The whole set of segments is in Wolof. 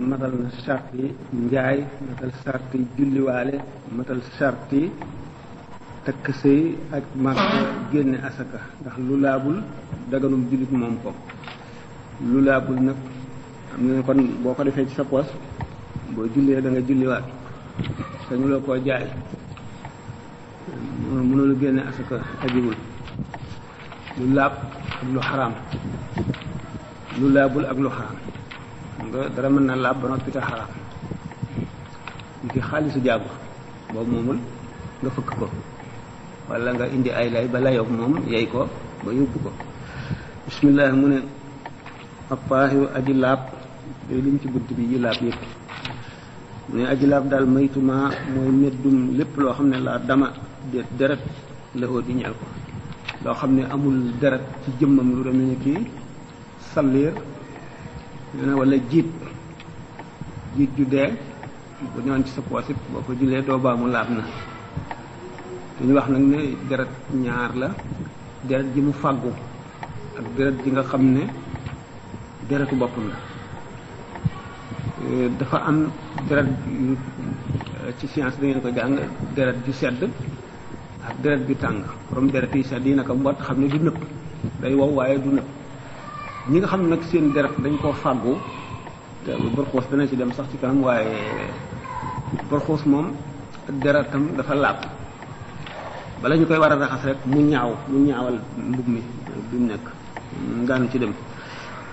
matal na sart yi njaay matal sart julliwaale matal sart takk sëy ak màkk génne asaka ndax lu laabul daganum jullit moom ko lu laabul nag am na kon boo ko defee ci sa poos boo jullee dangay nga julliwaat sañu loo koo jaay mënulu génne asaka ajibul lu laab ak lu xaraam lu laabul ak lu xaraam nga dara mën na laab ba noppi te xaraam ni ki xaalisu jaagu boobu moomul nga fëkk ko wala nga indi ay lay ba layoog moom yey ko ba yóbbu ko bismillah mu ne appaaxiru aji laab day lim ci bunt bi yi laab yépp ne aji laab daal maytuma mooy meddum lépp loo xam ne laa dama déet deret lëxoo di ñeel ko loo xam ne amul deret ci jëmmam lu demee kii dina wala jiit jiit ju dé bu ñaan ci sa poosit boko ko do ba mu laab na ñu wax nak né dérat ñaar la dérat ji mu faggu ak dérat ji nga xamné dératu deretu boppam la e, dafa am dérat e, ci science da ngeen ko jang dérat ju sedd ak dérat ju tang rom dérat yi sedd yi naka mbot xamné du nëpp day wow waye du nëpp ñi nga xam nag seen garab dañ koo fàggu te borxoos dana ci dem sax ci kanam waaye borxoos moom deratam dafa laab bala ñu koy war a raxas rek mu ñaaw mu ñaawal mbub mi bi mu nekk daanu ci dem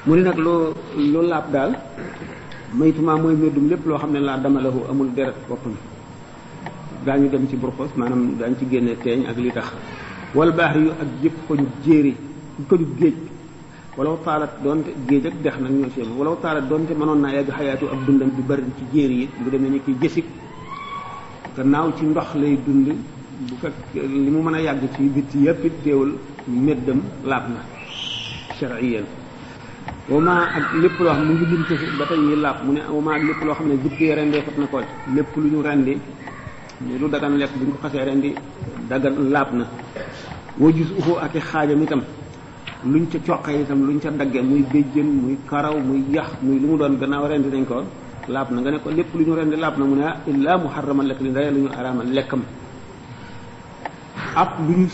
mu ni nag loo lu laab daal maytuma mooy méddum lépp loo xam ne laa damalahu amul deret boppam daañu dem ci burxos maanaam daañ ci génne teeñ ak li tax wal baax yu ak yëpp ko ñu jéeri ko ñu géej walaw taalat doonte géej ak dex nag ñoo ci yem walaw taalat doonte mënoon naa yegg xayaatu ak dundam bi bëri ci jéeri yi lu demee ni ki jësik gannaaw ci ndox lay dund bu fekk mu mën a yàgg ci bitti yépp it teewul méddam laab na chariyan wama ak loo xam ne mu ngi lim yi laab mu ne wama ak loo xam ne jëppee rendee fot na ko lépp lu ñu rendi lu dagan lekk bu ñu ko xasee rendi dagan laab na wa jus uhu ak i xaajam itam luñ ca coqee itam luñ ca daggee muy béjjën muy karaw muy yax muy lu mu doon gannaaw rendi nañ ko laab na nga ne ko lépp lu ñu rend laab na mu ne ah, illaa muharraman lekk li dara ñu araamal lekkam ak lu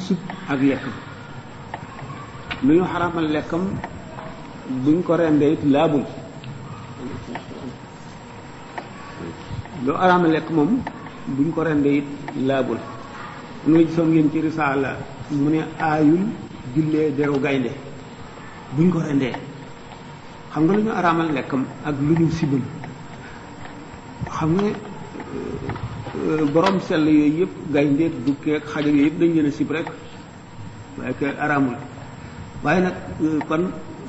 ak lekkam lu ñu buñ ko rendee it laabul lu moom buñ ko rendee it laabul nu gisoon mu ne aayul julle deru gaynde buñ ko rendé xam nga luñu aramal lekkam ak luñu sibul xam nga euh, euh, borom sel yoy yep gaynde dukkeeg xajam yooyu yëpp dañ leen a sib rek way ke aramul waaye nak euh, kon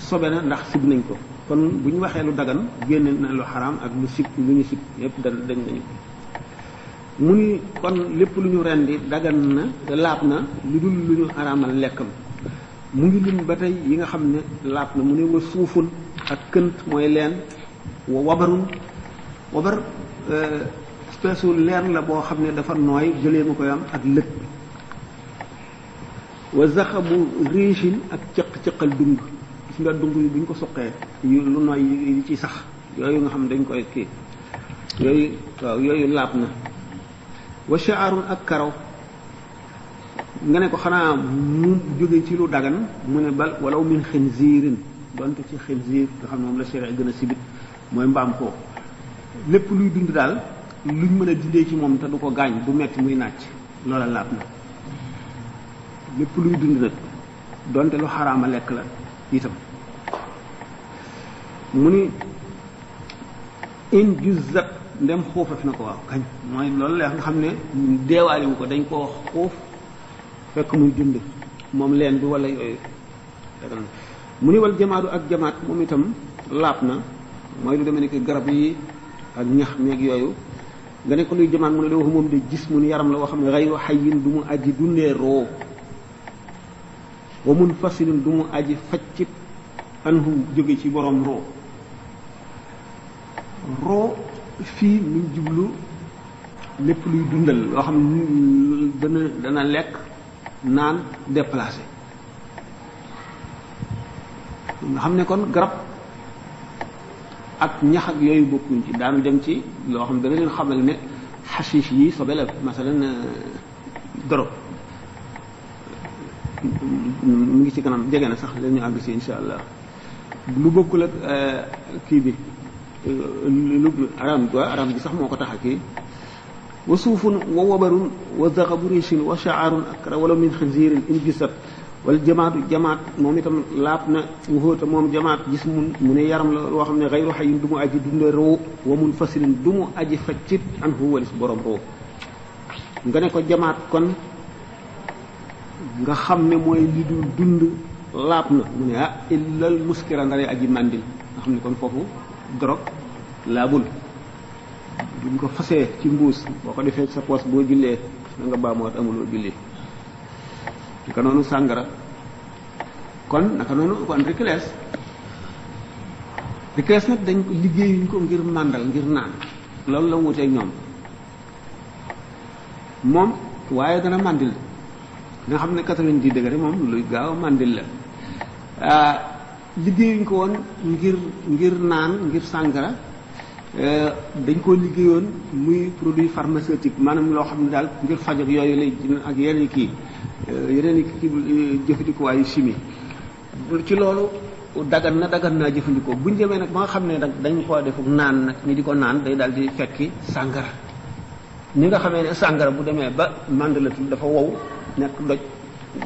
sobe na ndax sib nañ ko kon buñ waxé lu dagan génn na lu haram ak lu sib lu ñu sib yep dañ dañ nañ ko ni kon lepp luñu rendi dagan na laab na lu dul lu lekkam mu ngi lim ba tey yi nga xam ne laab na mu ne wa suuful ak kënt mooy leen wa wabarun wabar euh, espèce u leen la boo xam ne dafa nooy jëlee ma koy am ak lëg wa zaxabu réchine ak cëq-cëqal dung gis nga dung yi bu ko suqee yu lu nooy yi ci sax yooyu nga xam ne dañ koy kii yooyu waaw yooyu laab na wa shaarun ak karaw nga ne ko xanaa mu jóge ci lu dagan mu ne bal walaw min xinziirin donte ci xinziir nga xam ne moom la sharia gën a sibit mooy mbaam ko lépp luy dund daal luñ mën a dindee ci moom te du ko gaañ bu metti muy nàcc loola laab na lépp luy dund nag donte lu xaraama lekk la itam mu ni in juzzat ndem xuufaf na ko waaw kañ mooy loolu la nga xam ne deewaale ko dañ koo xuuf fekk muy dund moom leen bi wala yooyu mu ni wal jamaadu ak jamaat moom itam laab na mooy lu demee ni garab yi ak ñax meeg yooyu nga ne ko luy jamaat mu ne la wax de gis mun yaram la woo xam ne xayru xayin du mu aji dundee roo wa mun fasilin du mu aji faccit anhu jóge ci borom roo roo fii mu jublu lépp luy dundal loo xam dana dana lekk naan déplacé nga xam ne kon garab ak ñax yooyu bokkuñ ci daanu dem ci loo xam dana leen xamal ne xasiis yi sobe la masalan euh, dorog mu ngi ci kanam jege na sax leen ñu àgg si insha allah lu bokkul ak euh, kii bi euh, lu aram quoi aram bi sax moo ko tax a kii وصوف ووبر وذغب ريش أكرا ولو من خنزير انجسر والجماعة مومي تم لابنا وهوت موم جماعة جسم من يرم لو من غير حي دمو اجي دم رو ومنفصل دمو اجي فتيت ان هو ولس رو nga ne ko jamaat nga xam ne li dul dund laab na mu ah, illal muskira aji mandil nga kon buñ ko timbus, ci mbuus boko ko sa poos jullé nga ba mo amul lo jullé naka sangara kon naka noonu kon riclees riclees nak dañ ko ñu ko ngir mandal ngir naan loolu la ngom. ñom mom waye dana mandil, nga xamné 90 degré mom luy gaaw mandil la ah, ñu ko won ngir ngir naan ngir sangara Euh, dañ koo liggéeyoon muy produit pharmaceutique maanaam loo xam ne daal ngir faj ak yooyu lay ak yeneen kii euh, yeneen kii jëfandikuwaayu chimie ci loolu dagan na daggan naa jëfandikoo buñ demee nag ba nga xam ne nag dañ koo def naan nag ñu di ko naan day daal di fekki sàngara ni nga xamee ne sàngara bu demee ba mandalatul dafa wow nekk doj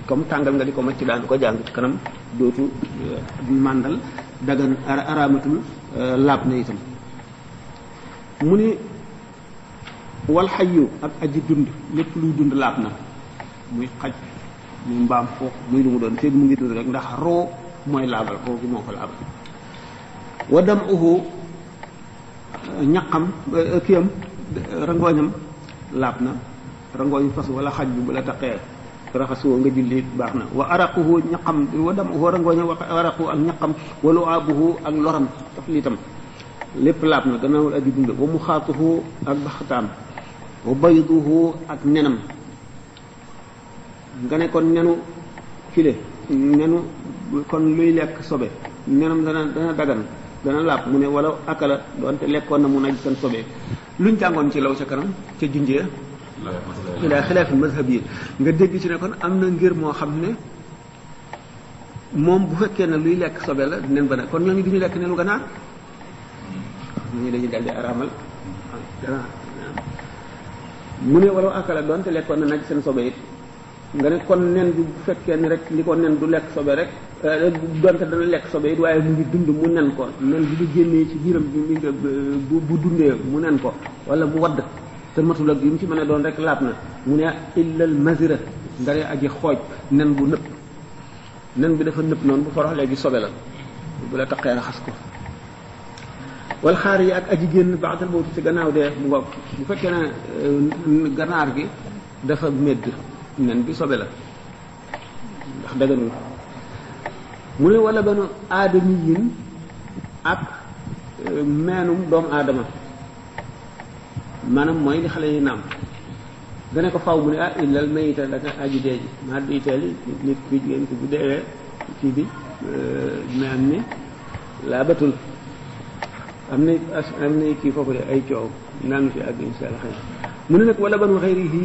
comme tàngal nga di ko macc daan ko jàng ci kanam dootu euh, màndal dagan araamatul laab na itam mu ni wal xayyu ak aji dund lépp luy dund laab na muy xaj muy mbaam foofu muy lu mu doon seet mu ngi dund rek ndax roo mooy laabal roo gi moo ko laabal wa dam uhu ñaqam eh, kiyam rangooñam laab na rangooñu fas wala xaj bi bu la taqee woo nga julli baax na wa araquhu ñaqam wa wa araquhu ak ñaqam wala abuhu ak loram daf liitam lépp laab na gannaawul aji mu wa muxaatuhu ak baxtaam wa bayduhu ak nenam nga ne kon nenu file nenu kon luy lekk sobe nenam dana dana dagan dana laab mu ne wala akala doonte lekkoon na mu naj seen sobe luñ jàngoon ci law ca kanam ca junjee ilaa xilaafi mazhab yi nga dégg ci ne kon am na ngir moo xam ne moom bu fekkee ne luy lekk sobe la nen ba ne kon ñooñu du ñu lekk nenu ganaar ñii la ñu dal di aramal dara mu ne wala akala donte lekkoon na nag seen sobe it nga ne kon nen bu fekkee ni rek li ko nen du lekk sobe rek donte dana lekk sobe it waaye mu ngi dund mu nen ko nen bi du génnee ci biiram bi mi bu bu dundee mu nen ko wala mu wadd te matul ak yim ci mën a doon rek laab na mu ne illal mazira ndaree aji xooj nen bu nëpp nen bi dafa nëpp noonu bu forox léegi sobe la bu la taqee raxas ko والخار ياك اجي ген بعد الموت تي غناو دي موك بو فكنا غنار آه، كي دا فا ميد نين بي صوبي لا داخ دغنو مولي ولا بنو ادميين اك آه، مانوم دوم ادم مانام موي دي خالي نام dene ko faaw mu ne ah illal mayita daka aji deji ma di teli nit bi gën ko bu deewé ci bi euh ni la batul am na as am na kii foofu de ay coow naan fi àgg incha allah xëy mu ne nag wala banu xayrihi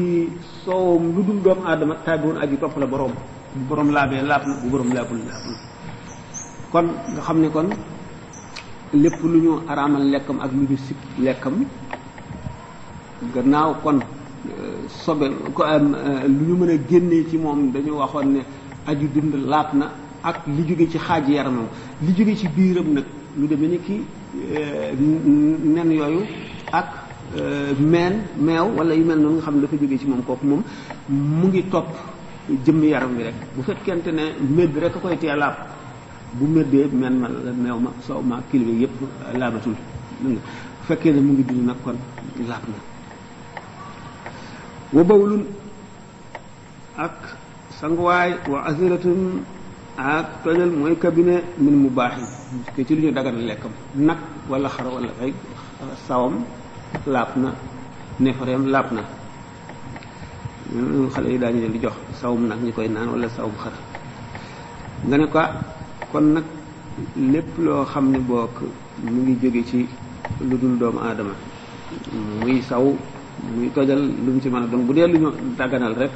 soowam lu dul doom aadama taabiwoon aji topp la borom borom laabee laab na bu kon nga xam ne kon lépp lu ñu araamal ak lu ñu sib lekkam gannaaw kon euh, sobe euh, lu ñu mën a génnee ci moom dañu waxoon ne aju dund laab na ak li jóge ci xaaj yaramam li jóge ci biiram nag lu demee ni Euh, nen yooyu ak euh, meen meew wala yu mel noonu nga xam ne dafa jógee ci moom kooku moom mu ngi topp jëmmi yaram bi rek bu fekkente ne bi rek a koy tee laab bu méddee men ma meew ma soow ma kilibe yëpp laabatul bu fekkee ne mu ngi dund nag kon laab na wa ak sanguwaay wa asiratun ah tojal mooy cabinet min mu baax yi ci lu ñu dagan lekkam nag wala xar wala ay sawam laab na neefareem laab na xale yi daañu leen di jox sawum nag ñu koy naan wala sawum xar nga ne ko kon nag lépp loo xam ne bokk mu ngi jóge ci lu dul doomu aadama muy saw muy tojal lu mu ci mën a doom bu dee lu ñu daganal rek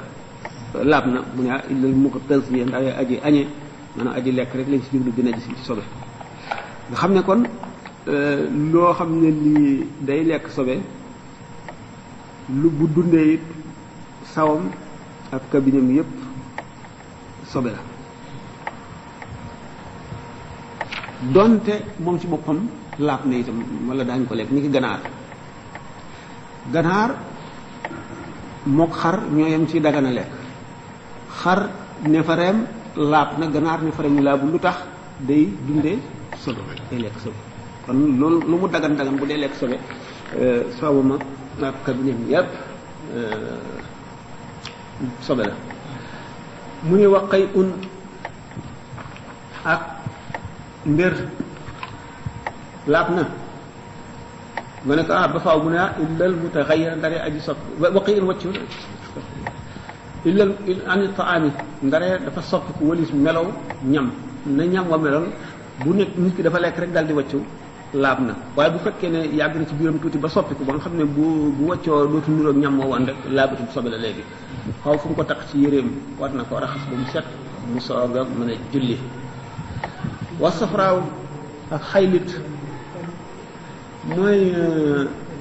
laab na mu ne ah illal mu ko tës yi ndax aji añee maanaam aji lekk rek lañ si jublu bi najis ci sobe nga xam ne kon euh, loo xam ne lii day lekk sobe lu bu dundee it sawam ak kabiñam yépp sobe la donte moom ci boppam laab na itam wala daañu ko lekk ni ki ganaar ganaar mook xar ñoo yem ci dagana lekk xar neefareem laab na ganaar ni farañ laabu lu tax day dunde solo day lekk sobe kon loolu lu mu dagan dagan bu dee lekk sobe euh, soowuma ak kabineem yépp euh, la mu ne wax xëy un ak mbir laab na nga ne ko ah ba faaw mu ne ah illal mutaxayyir ndare aji soppi wa xëy un wàccu illa ani taami ndare dafa soppiku walis melow ñam na ñam wa meloon bu nekk nit ki dafa lekk rek daal di wàccu laab na waaye bu fekkee ne yàgg na ci biiram tuuti ba soppiku ba nga xam ne bu bu wàccoo dootu nuroog ñam moo woon rek laabatu sobe la léegi xaw fu mu ko tax ci yéreem war na ko raxas ba mu set mu soog a mën a julli wa safraaw ak euh,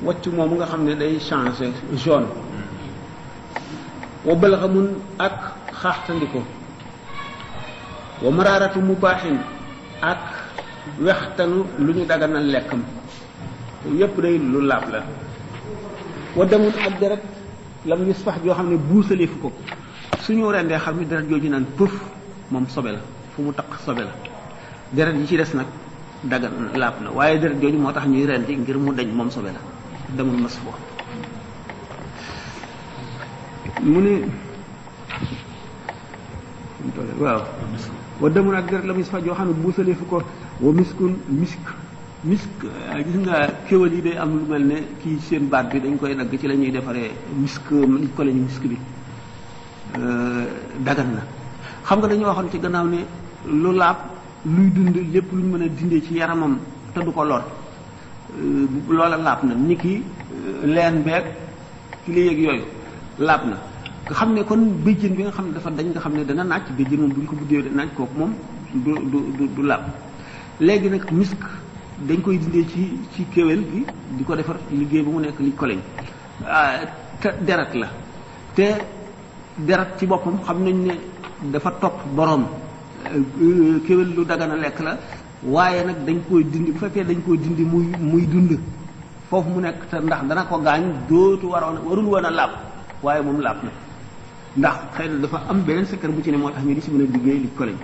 nga xam ne day changé jaune wa balxamun ak xaaxtandiku wa maraaratu mubaaxin ak wextanu lu ñu daganal lekkam yépp day lu laab la wa damun ak deret lam yusfax yoo xam ne fu ko suñu rendee xam ne deret jooju naan pëf moom sobe la fu mu taq sobe la deret yi ci des nag dagan laab na waaye deret jooju moo tax ñuy rendi ngir mu dañ moom sobe la ma masfuux mu ni waaw wa demun ak deret la muy safat yoo xam ne buusaleefu ko wa miskun misk misk ah, gis nga kéwal yi de am lu mel ne kii seen baat bi dañ koy dagg ci lañuy defaree misk li ko lañu misk bi euh, dagan na xam nga dañu waxoon ci gannaaw ne lu laab luy dund lépp lu mën a dindee ci yaramam te du ko lool euh, loola laab na ni ki euh, leen beeg ci li yéeg yooyu laab na nga xam ne kon béjjén bi nga xam ne dafa dañ nga xam ne dana naaj béjjén moom bu ñu ko buddee dana naaj kooku moom du du du laab léegi nag misk dañ koy dindee ci ci kéwél bi di ko defar liggéey bi mu nekk li koleñ ah, te deret la te deret ci boppam xam nañ ne dafa topp boroom euh, kéwél lu dagana lekk la waaye nag dañ koy dindi bu fekkee dañ koy dindi muy muy dund foofu mu nekk te ndax dana ko gaañ dootu waroon warul woon a laab waaye moom laab na ndax xëy dafa am beneen secteur bu ci ne moo tax ñu di si mën a liggéey li ko lañ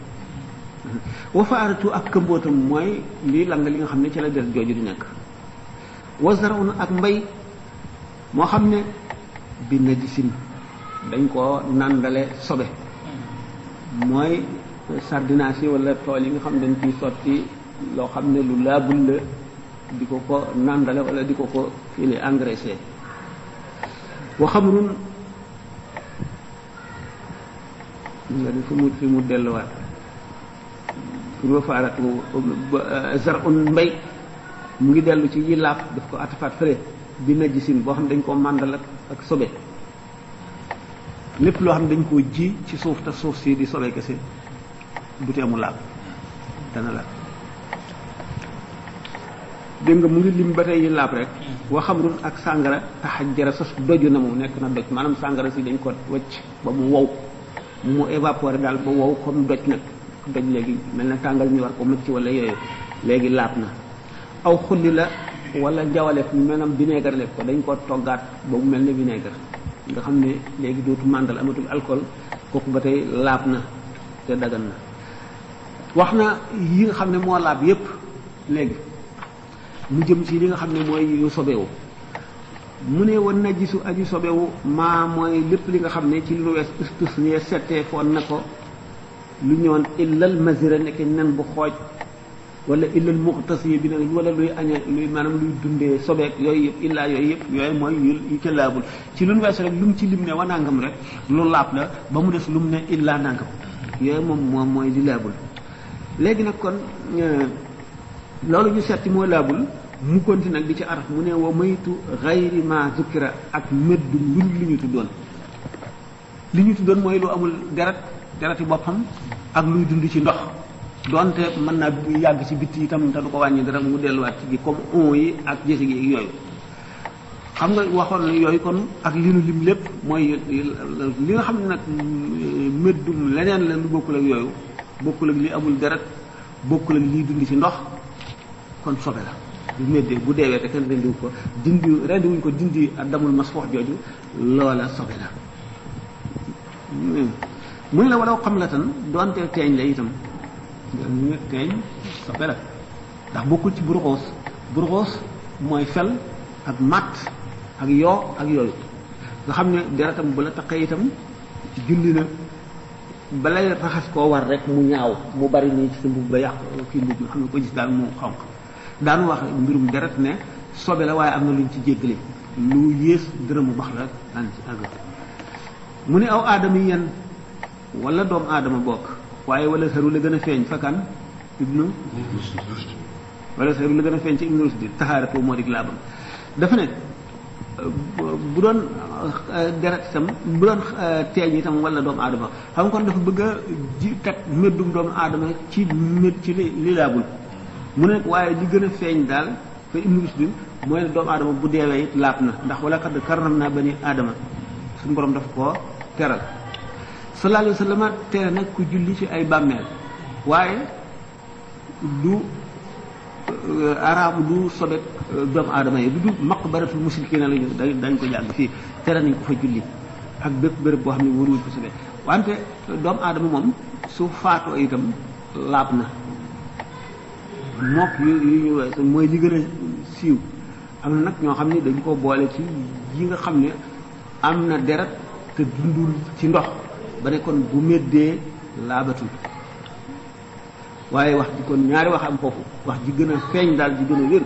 wafaaratu ak këmbootam mooy lii lang li nga xam ne ci la deret jooju di nekk wasaraw na ak mbay moo xam ne bi najisin dañ koo nandale sobe mooy sardinaas walla tool yi nga xam ne dañ ciy sotti loo xam ne lu laabul la di ko ko nàndale wala di ko ko fii ne engraissé nga ni fi mu fi mu delluwaat fi ma faarat zarun mbay mu ngi dellu ci yi laab daf ko atafaat fële bi na gisin boo xam dañ koo màndal ak ak sobe lépp loo xam dañ koo ji ci suuf te suuf si di sobe kese du te mu laab dana laab dégg nga mu ngi lim ba tey yi laab rek wa xamrun ak sàngara taxajjara sas doju na mu nekk na doj maanaam sàngara si dañ ko wacc ba mu wow mu évaporé daal ba wow comme doj nag doj léegi mel na tàngal ñu war ko mucc wala yooyu léegi laab na aw xulli la wala njawaleef maanaam vinaigre leef ko dañ koo toggaat ba mu mel ne vinaigre nga xam ne léegi dootu màndal amatul alcool kooku ba tey laab na te dagan na wax na yi nga xam ne moo laab yépp léegi mu jëm ci li nga xam ne mooy yu sobewu mu ne woon na gisu aju sobewu maa mooy lépp li nga xam ne ci lu nu wees ustus ne settee foon na ko lu ñoon illal masira nekk nen bu xooj wala illal muxtasi bi nag wala luy añe luy maanaam luy dundee sobeek yooyu yëpp illaa yooyu yëpp yooyu mooy yu ci lu lu ci lim ne wa nangam rek lu laab la ba mu des lu mu ne illaa nangam yooyu moom moom mooy di laabul léegi nag kon euh, loolu ñu setti moo laabul mu konti nag di ci araf mu ne wa maytu xayri ma zukira ak meddu ndul li ñu tuddoon li ñu tuddoon mooy lu amul deret dereti boppam ak luy dund ci ndox doonte mën naa yàgg ci bitti itam te du ko wàññi dara mu delluwaat ci gi comme on yi ak jësi gi yooyu xam nga waxoon na yooyu kon ak li nu lim lépp mooy li nga xam ne nag meddum leneen len lu bokkul ak yooyu bokkul ak li amul deret bokkul ak liy dund ci ndox kon sobe la bi méddee bu deewee te kenn rendiwu ko dindi rendiwuñ ko dindi damul jooju loola sobe la mu ne la walaw xam la tan doonte teeñ la itam teeñ sobe la ndax bokkul ci burxoos burxoos mooy fel ak matt ak yoo ak yooyu nga xam ne deretam bu la taqee itam julli na balay raxas koo war rek mu ñaaw mu bari nii ci sa mbubb ba yàq kii mbubb nga xam ne ko gis daal mu xonq daan wax mbirum deret ne sobe la waaye am na luñ ci jéggale lu yées dërëm bax la daan ci àgg mu ne aw aadama yi yan wala doom aadama bokk waaye wala xëru la gën a feeñ kan ibnu wala xëru la gën a feeñ ci ibnu rusdi taxaare ko moo dig laabam dafa ne bu doon deret itam bu doon teeñ itam wala doomu aadama xam kon dafa bëgg a ji kat méddum doomu aadama ci mét ci li laabul mu ne waaye di gën a feeñ daal fa ibnu muslim mooy doomu aadama bu deewee lay laab na ndax wala xadd karram naa bani aadama suñu borom dafa koo teral sallallahu alayhi wa nag ku julli ci ay bàmmeel waaye du euh, araabu du sobek euh, doomu aadama yi du du maqbaratul mushrikina lañu dañ ko jàng fii tere nañ ko fa julli ak bépp béréb boo xam ne wóoruwuñ ko sobee wante doomu aadama moom su faatoo itam laab na mook yu yu ñu weesu mooy li gën a siiw am na nag ñoo xam ne dañ ko boole ci yi nga xam ne am na deret te dundul ci ndox ba ne kon bu méddee laabatul waaye wax ji kon ñaari wax am foofu wax ji gën a feeñ daal ji gën a wér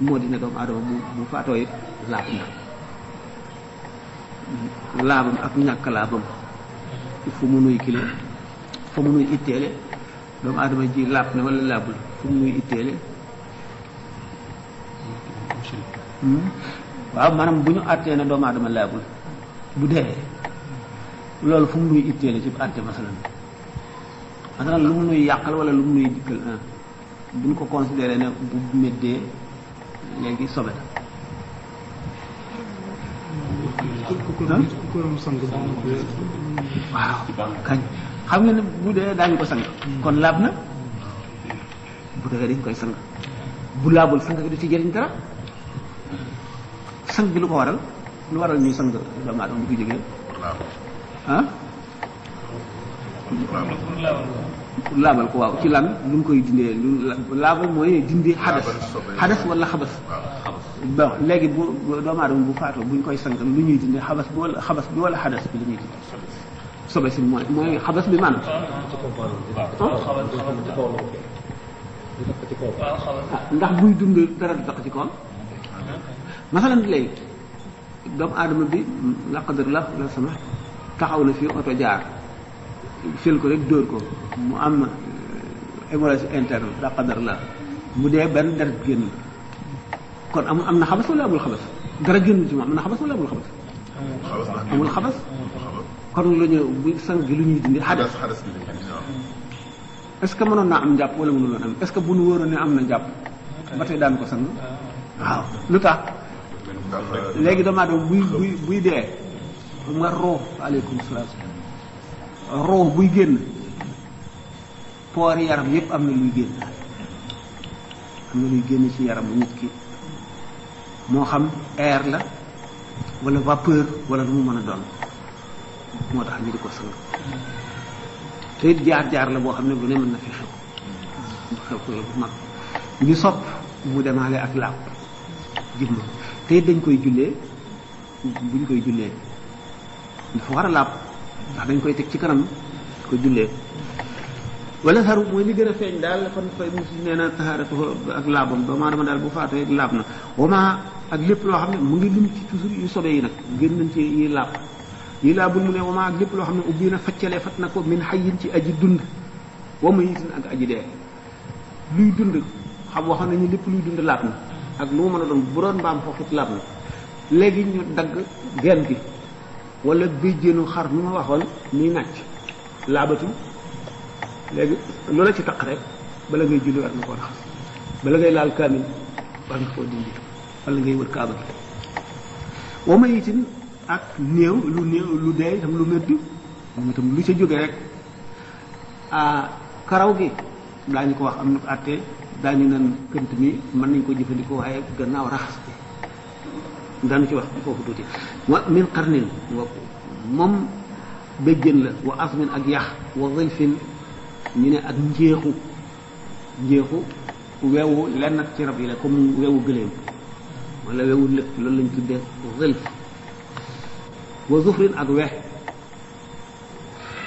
moo dina doomu aadama bu bu faatoo it na laabam ak ñàkk laabam fu mu nuy kile fa mu nuy itteele doomu aadama ji laab na wala laabul fu muy itteele hmm? waaw maanaam bu ñu àttee ne doomu dama laabul bu dee loolu fu mu nuy itteele ci àtte masalan masalan lu mu nuy yàqal wala lu mu nuy dikkal ah, bu ñu ko considéré ne bu méddee léegi sobe hmm? waaw kañ xam nga ne bu dee daañu ko sang kon laab na ko defee dañ koy sang bu laabul sang bi du ci jëriñ dara sang bi lu ko waral lu waral ñuy sang doomu aadama di ah? ko jógee ah laabal ko waaw ci lan lu mu koy dindee lu laabal mooy dindi xadas xadas wala xabas bon léegi bu doomu aadama bu faatoo buñ koy sang lu ñuy dindee xabas bi wala xabas bi wala xadas bi lu ñuy dindee sobe si mooy xabas bi maanaam ah, kaw ah, ndax buy dund dara du tax ci kawam masalan léegi doomu aadama bi laqadar la la sama taxaw na fii oto jaar fël ko rek dóor ko mu am eh, hémorragie interne laqadar la mu dee benn dara génn kon am am na xabas wala amul xabas dara génn ci moom am na xabas wala amul xabas amul xabas kon lu ñu bu sang gi lu ñuy dindi xadas est-ce que mënoon naa am njàpp wala mënoon naa am est bu nu wóoroon ne am na njàpp ba tey daan ko sang waaw lu tax léegi damaa dem buy buy buy dee nga roo aleykum salaam roo buy génn poori yaram yépp am na luy génn na luy génn ci yaram nit ki moo xam air la wala vapeur wala lu mu mën a doon moo tax ñu di ko sang te it jaar-jaar la boo xam ne lu ne mën na fi xew xew xew mu demaale ak làpp jublu te it dañ koy jullee buñ koy jullee dafa war a làpp ndax dañ koy teg ci kanam ko jullee wala saru mooy li gën a feeñ daal la kon fay musi nee na taxaaratu ak laabam ba maa dama daal bu faatoo laab na wama ak lépp loo xam ne mu ngi lim ci toujours yu sobe yi nag gën nañ ci yi làpp lii laa bul mu ne wama ak lépp loo xam ne ubbi na faccale fat na ko min xayin ci aji dund wa ma yitin ak aji dee luy dund xam waxoon nañu lépp luy dund laab na ak lu ma mën a doon bu doon mbaam foofu laab na léegi ñu dagg genn gi ma waxoon muy nàcc laabatu léegi loola ci taq rek bala ngay julli war koo raxas bala ngay laal kaamil war nga koo dindi wala ngay wër kaaba gi wa yitin ak néew lu néew lu dee itam lu métti moom itam lu ca jóge rek a ah, karaw gi daañu ko wax am na ko àtte daañu nan kënt mi mën nañ koo jëfandikoo waaye gannaaw raxas bi daanu ci wax foofu tuuti wa min qarnin moom béjjën la wa asmin ak yax wa zilfin ñu ne ak njeexu njeexu wewu lenn ak ci rab yi la comme wewu gëléem wala wewu lëpp loolu lañ tuddee zilf wa zufrin ak wex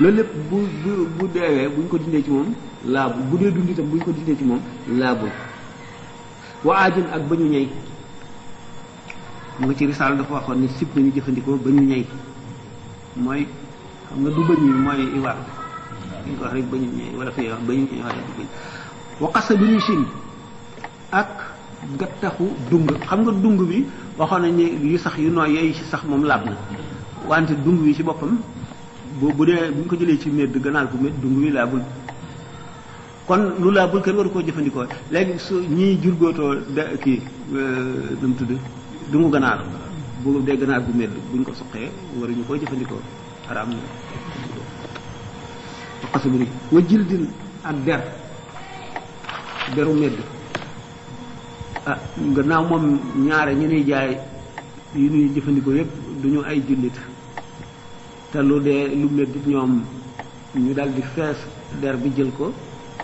loolu lépp bu bu bu deewee buñ ko dindee ci moom laabul bu dee dund tam buñ ko dindee ci moom laabul wa aajun ak ba ñu ñey mu ngi ci risaal dafa waxoon ni sib nañu jëfandikoo ba ñu ñey mooy xam nga du bëñ yi mooy iwaar bi ko wax rek ba ñu ñey wala fi wax ba ñu ñey wala du bëñ wa xasa bi ñu sin ak gattaxu dung xam nga dung bi waxoon nañ ne yu sax yu nooy yooyu ci sax moom laab na wante dung wi ci boppam bu bu dee bu ñu ko jëlee ci medd ganaar bu medd dung wi laabul kon lu laabul kenn waru koo jëfandikoo léegi su ñii jur góotoo de kii euh, nu tudd dungu ganaar bu dee ganaar bu medd bu ñu ko soqee waruñu koy jëfandikoo xaraam na xasuburi wa jildin ak der deru medd ah gannaaw moom ñaare ñu nuy jaay yu ñuy jëfandikoo yépp duñu ay jullit te lu dee lu leen dit ñoom ñu dal di fees der bi jël ko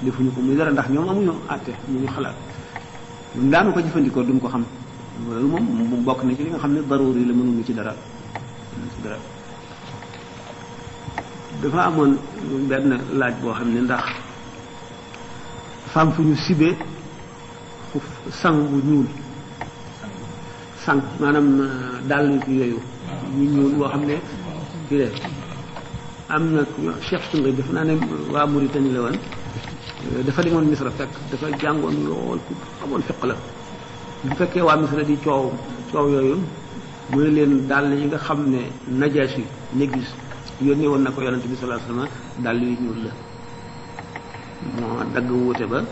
defuñu ko muy dara ndax ñoom amuñu àtte ñu ñu xalaat ñun daanu ko jëfandikoo duñ ko xam loolu moom mu bokk na ci li nga xam ne baroor yi la mënuñu ci dara ci dara dafa amoon benn laaj boo xam ne ndax fam fu ñu sibee xuf sang bu ñuul sang maanaam euh, dàll yooyu ñu ñuul boo xam ne di am na Cheikh Soumbe def naa ne waa Mauritanie la woon euh, dafa demoon Misra fekk dafa jàngoon lool ku amoon fiq la bu fekkee waa Misra di coow coow yooyu mu ne leen dàll yi nga xam ne najaasi négis yónnee woon na ko yonent bi sallallahu alayhi wasallam dàll yu ñuul la moo dagg wuute ba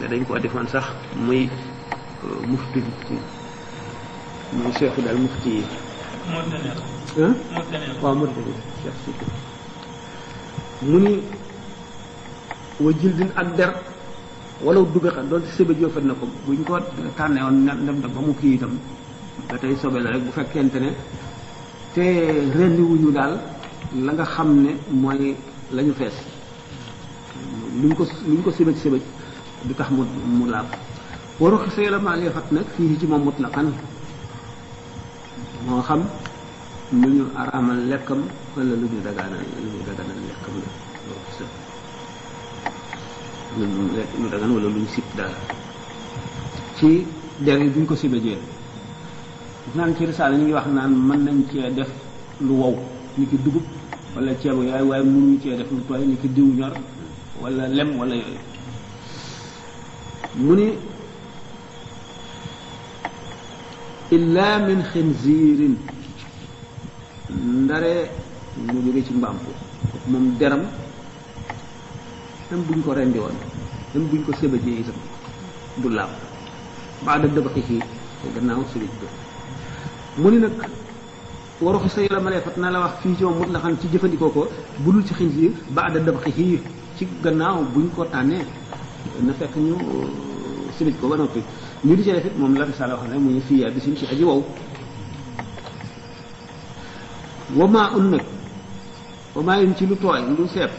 te dañ koo defoon sax muy euh, mufti muy seexu daal mufti yi ah waaw Mauritanie Cheikh Sikri mu ni wa jildin ak der wala dugg xam loolu sëbe joo na ko bu ñu ko tànnee woon dem dem ba mu kii itam ba tey sobe la rek bu fekkente ne te rendi daal la nga xam ne mooy lañu fees lu ñu ko lu ko sëbëj sëbëj du tax mu mu laab waru xasee la maa lee fat nag fii ci moom mutlaqan moo xam lu ñu araamal lekkam wala lu ñu dagaanal lu ñu daganal lekkam la loolu sa lu ñu dagan lu ñu sib daal ci der yi bu ko sibee jël naan ci risaala ñu ngi wax naan mën nañ cee def lu wow ni ki dugub wala ceebu yaay waaye mënuñu cee def lu tooy ni ki diw ñor wala lem wala yooyu mu ni illa min xinziirin ndare mu jóge ci mbaam ko moom deram même buñ ko rendi woon même buñ ko sëbëjee itam du laab baada ba mu ni nag waruxi sa yola malee la wax fii ci ci jëfandikoo ko bu dul ci xinziir baada dëbaxi ci ci gannaaw buñ ko tànnee na fekk ñu sëbëj ko ba noppi li di ci def it moom la risaala wax ne muy fii abisin ci aji wow wamaa un nag wamaa un ci lu tooy lu seet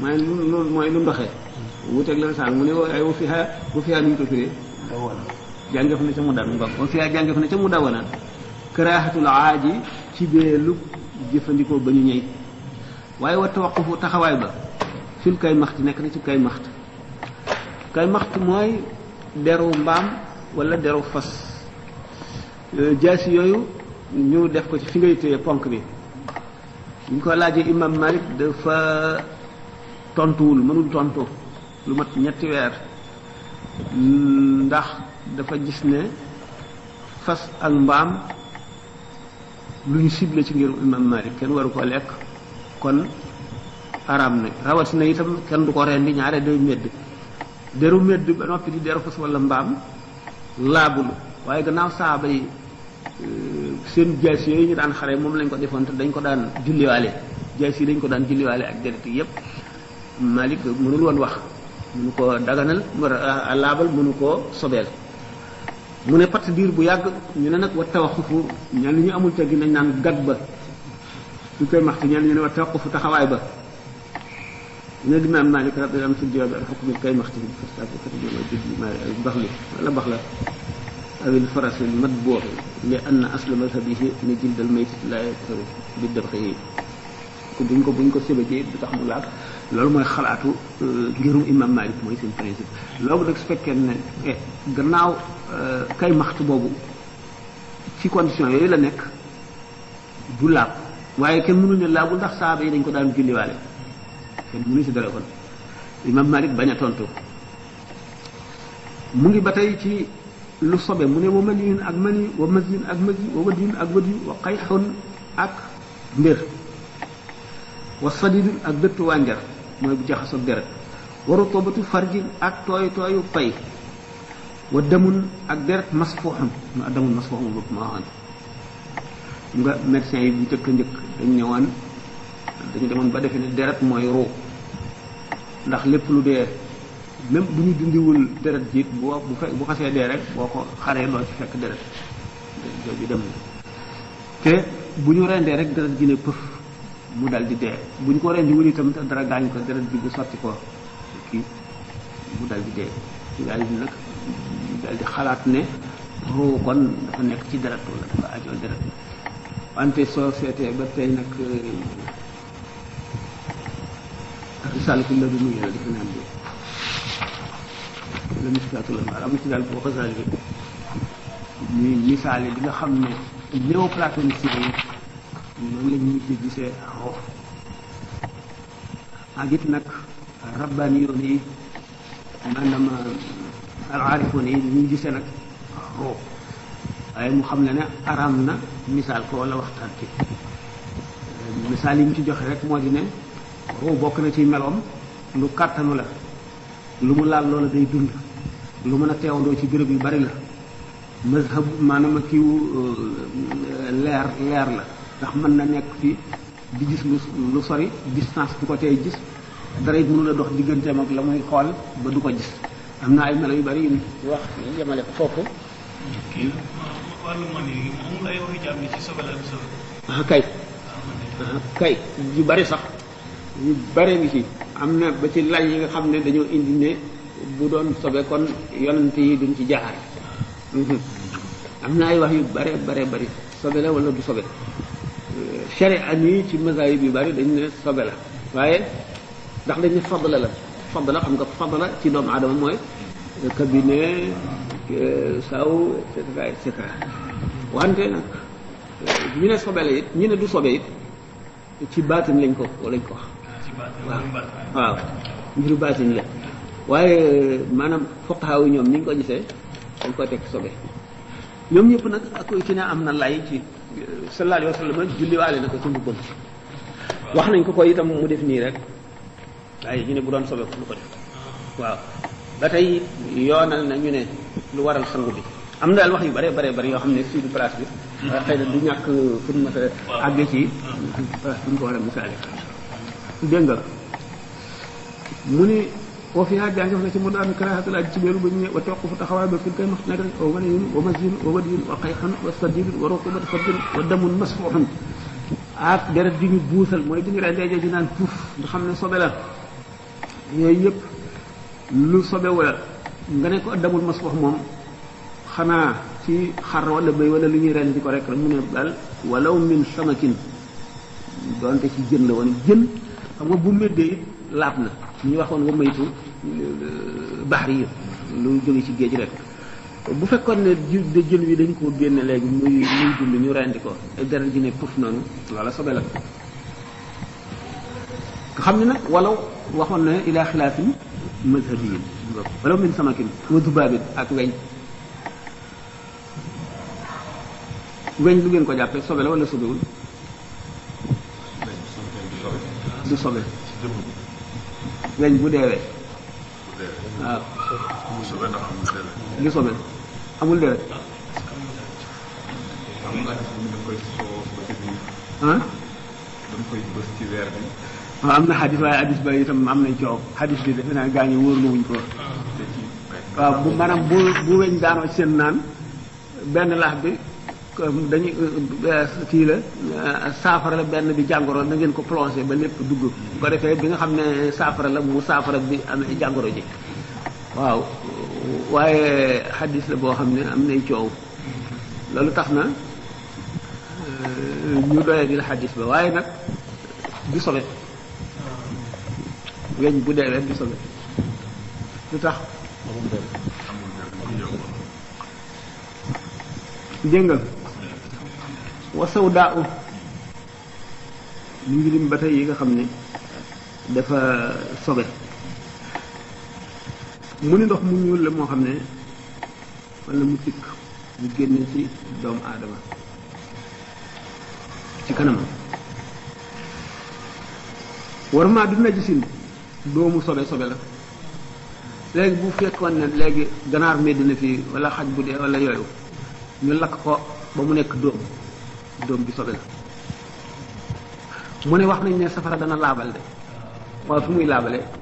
mooy lu lu mooy lu la risaala mu ne ay wa fiha wa fiha nu ñu ko jàngeef na ca mu dawana karaaxatul aaji ci beelu jëfandikoo ba ñu ñëy waaye wa tawaqufu taxawaay ba fil kay maxti nekk na ci kay maxt kay maxt mooy deru mbaam wala deru fas jaasi yooyu ñu def ko ci fi ngay téye ponk bi ñu ko laajee imam malik dafa tontuwul mënul tontu lu mat ñetti weer ndax dafa gis ne fas ak mbaam ñu ciblé ci ngir imam malik kenn waru ko lekk kon aram na rawat na itam kenn du ko rendi ñaare day medd deru medd ba noppi di deru fas wala mbaam laabulu waaye gannaaw saaba yi euh, seen jaas yooyu ñu daan xare moom lañ ko defoon te dañ ko daan julliwaale jaas yi dañ ko daan julliwaale ak deret yépp Malik mënul woon wax mënu ko daganal laabal mënu koo sobeel mu ne patt diir bu yàgg ñu ne nag wa tawaxufu ñaan li ñu amul te gi nañ naan gag ba su koy max ci ñaan ñu ne wa tawaxufu taxawaay ba ندم عما لك ربي لم تجي الحكم القيم اختي الفساد تقدم البخل على بخلة أو الفرس المدبوع لأن أصل مذهبه أن جلد الميت لا يكثر بالدبخه كبنكو بنكو سيبجي بتحمل لك لولو موي خلاتو غيرو امام مالك موي سين برينسيپ لوغ ديك سبيك كان غناو إيه، آه، كاي مخت بوبو في كونديسيون يي لا نيك دولاب واي كان منو لا بو ندخ صحابي دنجو دان جولي والي kenn mënu si dara kon imam malik bañ a tontu mu ngi ba tey ci lu sobe mu ne wa maliyun ak mali wa mazin ak mazi wa wadiyun ak wadi wa qayxun ak mbir wa sadidun ak dëttu wànjar mooy bu jaxasoog deret wa rutubatu farjin ak tooy tooyu pay wa damun ak deret masfuxun ma damun masfuxun bopp ma waxoon nga médecin yi bu njëkk njëkk dañ ñëwoon dañu demoon ba defe ne deret mooy ruu ndax lépp lu dee même bu ñu dindiwul deret jiit bu bu xasee dee rek boo ko xaree doo ci fekk deret jooju dem na te bu ñu rendee rek deret ji ne mu dal di dee bu ko rendi wul itam dara gaañ ko deret ji bu sotti ko kii mu dal di dee ñu dal di xalaat ne ruu kon dafa nekk ci deret wala dafa deret wante soo seetee ba tey nag misaalukum la du muy yàlla defe naa ne la misaalu la maanaam misaal boo xasaale ñuy misaale bi nga xam ne néoplatoniciens yi noonu lañ mujj gisee rox ak it nag rabbaani yoon yi maanaam alaarifoon ñu gisee nag rox waaye mu xam ne ne araam na misaal ko wala waxtaan ci misaal yi mu ci joxe rek moo di ne ruu bokk na ci meloom lu kàttanu la lu mu laal loola day dund lu mën a teewandoo ci béréb yu bari la mazhab maanaam kiiwu euh, leer leer la ndax mën na nekk fi di gis lu sori distance bu ko tey gis dara it mënula dox digganteem ak la muy xool ba du ko gis am na ay melo yu bari yu wax yemale ko foofu ah, kay ah, ah, kay yu bari sax yu bare ngi ci am na ba ci lay yi nga xam ne dañoo indi ne bu doon sobe kon yonent yi duñ ci jaar mhm. am na ay wax yu bare bare bari sobee la wala du sobe sharia nii ci mazahib yu bari dañ ne sobe la waaye ndax dañ ne fadla la fadla xam nga fadla ci doomu aadama mooy cabinet euh, saw et cetera et cetera wante nag ñu ne sobe la it ñu ne du sobe it ci baatin lañ ko lañ ko wax waaw mbiru baatin la waaye maanaam fuqahaa yi ñoom ni ko gisee dañ ko teg sobe ñoom ñëpp nag ak ci ne am na lay ci euh, sallallahu alayhi wa sallam julliwaale na ko ci mbubbam wax nañ ko koy itam mu def nii rek waaye ñu ne bu doon sobe lu ko def waaw ba tey yoonal na ñu ne lu waral sangu bi am na daal wax yu bare bare bare yoo xam ne fii du place bi euh, xëy na du ñàkk fu ma mën a ci place bi ñu ko war a misaale dégg nga mu ni wa fiha jaajëf na ci mu daanu karaahatul aj ci beelu ba ñëwee wa toq fu taxawaay ba fi koy max nadal wa wanayin wa masjin wa wadiyin wa xayxan wa sadidin wa roqubat fadin wa damun masfuxan ak deret ju ñu buusal mooy ju ñu rey deejee ji naan puuf nga xam ne sobe la yooyu yëpp lu sobe wala nga ne ko damul masfuux moom xanaa ci xar wala béy wala lu ñuy ren di ko rek mu ne daal walaw min samakin donte ci jën la woon jën xam nga bu méddee it laab na ñu waxoon wa maytu baxri yi lu jóge ci géej rek bu fekkoon ne jën wi dañ koo génne léegi muy muy dund ñu rendi ko dara ji ne puf noonu loola sobe la xam ne nag walaw waxoon na ila xilaafin mazhabiyin walaw min samakin wa dubaabin ak weñ weñ lu ngeen ko jàppee sobe la wala sobewul du sobe weñ bu deewee. waaw. li sobe amul deret. ah. waaw am na xadis waaye xadis ba itam am nañ coow xadis bi defe naa gaañu wóorlu wuñ ko. Ah. waaw bu maanaam bu bu weñ daanoo seen naan benn laax bi. dañuy euh, la euh, saafara benn bi jàngoro na ngeen ko plongé ba lépp dugg bu ko defee bi nga xam ne saafara la mu saafara bi amee jàngoro ji waaw waaye xaddis la boo xam ne am nay coow loolu tax na euh, ñu doye di la xaddis ba waaye nag du sobe weñ bu deewee du sobe lu tax dégg wa sawdaa u ñu ngi lim ba tey yi nga xam ne dafa sobe mu ni ndox mu ñuul la moo xam ne wala mu tikk mu génn ci doomu aadama ci kanam war maa du najisin doomu sobe sobe la léegi bu fekkoon ne léegi ganaar mee na fii wala xaj bu dee wala yooyu ñu lakk ko ba mu nekk dóom doom bi sobe la mu ne wax nañ ne safara dana laabal de waaw fu muy laabale